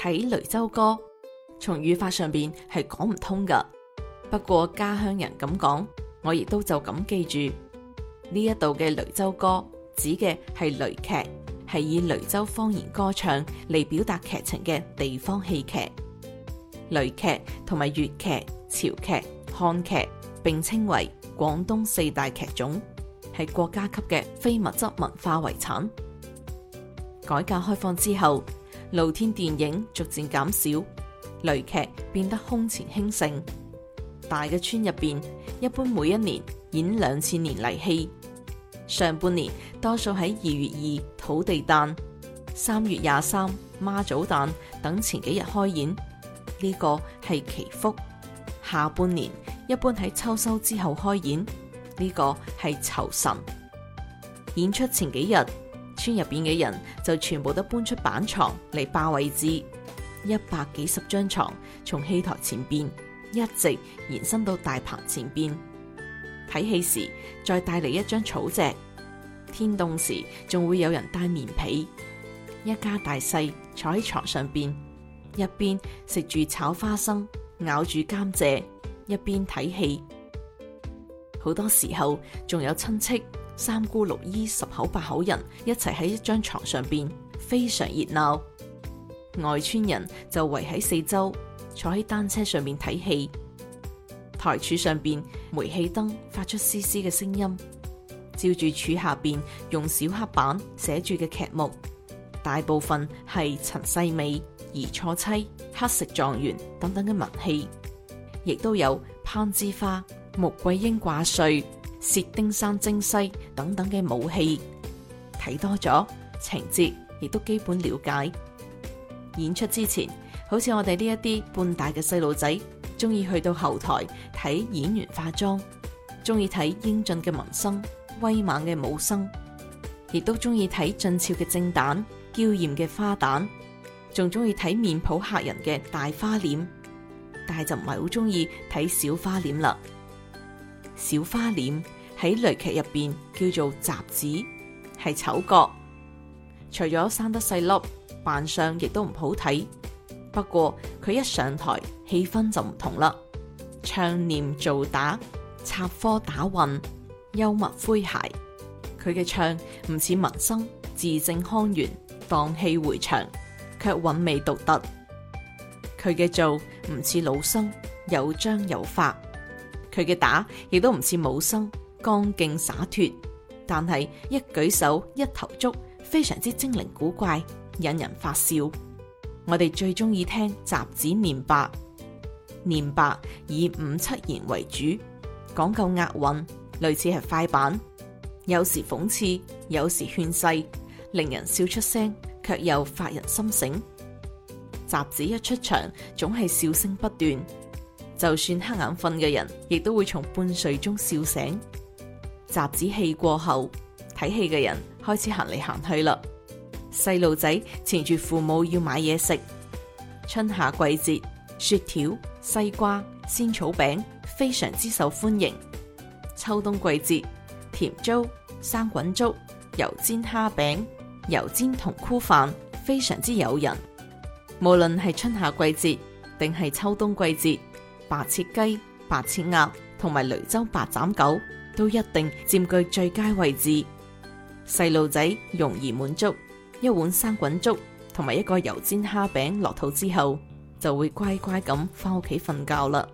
睇雷州歌，從語法上邊係講唔通噶。不過家鄉人咁講，我亦都就咁記住。呢一度嘅雷州歌指嘅係雷劇，係以雷州方言歌唱嚟表達劇情嘅地方戲劇。雷劇同埋粵劇、潮劇、漢劇並稱為廣東四大劇種，係國家級嘅非物質文化遺產。改革開放之後。露天電影逐漸減少，雷劇變得空前興盛。大嘅村入邊，一般每一年演兩次年例戲。上半年多數喺二月二土地誕、三月廿三媽祖誕等前幾日開演，呢個係祈福；下半年一般喺秋收之後開演，呢個係酬神。演出前幾日。村入邊嘅人就全部都搬出板床嚟霸位置，一百幾十張床從戲台前邊一直延伸到大棚前邊。睇戲時再帶嚟一張草席，天凍時仲會有人帶棉被。一家大細坐喺床上邊，一邊食住炒花生，咬住甘蔗，一邊睇戲。好多時候仲有親戚。三姑六姨十口八口人一齊喺一張床上邊，非常熱鬧。外村人就圍喺四周，坐喺單車上面睇戲。台柱上邊煤氣燈發出嘶嘶嘅聲音，照住柱下邊用小黑板寫住嘅劇目，大部分係陳世美、疑錯妻、乞食狀元等等嘅文戲，亦都有攀枝花、穆桂英掛帥。薛丁山征西等等嘅武戲，睇多咗，情節亦都基本了解。演出之前，好似我哋呢一啲半大嘅細路仔，中意去到後台睇演員化妝，中意睇英俊嘅文生、威猛嘅武生，亦都中意睇俊俏嘅正旦、嬌艷嘅花旦，仲中意睇面譜嚇人嘅大花臉，但係就唔係好中意睇小花臉啦。小花臉喺雷劇入邊叫做雜子，係丑角。除咗生得細粒，扮相亦都唔好睇。不過佢一上台，氣氛就唔同啦。唱念做打，插科打諢、幽默詼諧。佢嘅唱唔似文生，字正腔圓，蕩氣回腸，卻韻味獨特。佢嘅做唔似老生，有章有法。佢嘅打亦都唔似武生，剛勁灑脫，但係一舉手一投足，非常之精靈古怪，引人發笑。我哋最中意聽雜子念白，念白以五七言為主，講究押韻，類似係快板，有時諷刺，有時勸世，令人笑出聲，卻又發人深省。雜子一出場，總係笑聲不斷。就算黑眼瞓嘅人，亦都會從半睡中笑醒。雜子戲過後，睇戲嘅人開始行嚟行去啦。細路仔纏住父母要買嘢食。春夏季節，雪條、西瓜、仙草餅非常之受歡迎。秋冬季節，甜粥、生滾粥、油煎蝦餅、油煎筒箍飯非常之誘人。無論係春夏季節定係秋冬季節，白切雞、白切鴨同埋雷州白斬狗都一定佔據最佳位置。細路仔容易滿足，一碗生滾粥同埋一個油煎蝦餅落肚之後，就會乖乖咁返屋企瞓覺啦。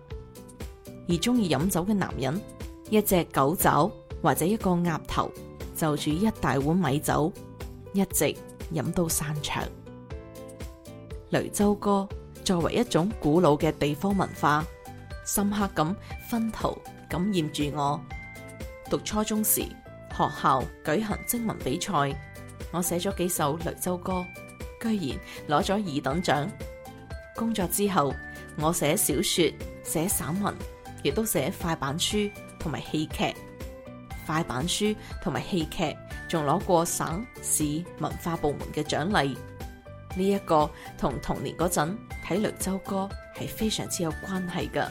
而中意飲酒嘅男人，一隻狗爪或者一個鴨頭，就煮一大碗米酒，一直飲到散場。雷州歌作為一種古老嘅地方文化，深刻咁熏陶感染住我。讀初中時，學校舉行徵文比賽，我寫咗幾首雷州歌，居然攞咗二等獎。工作之後，我寫小說、寫散文，亦都寫快板書同埋戲劇。快板書同埋戲劇仲攞過省市文化部門嘅獎勵。呢、這、一個同童年嗰陣睇雷州歌係非常之有關係噶。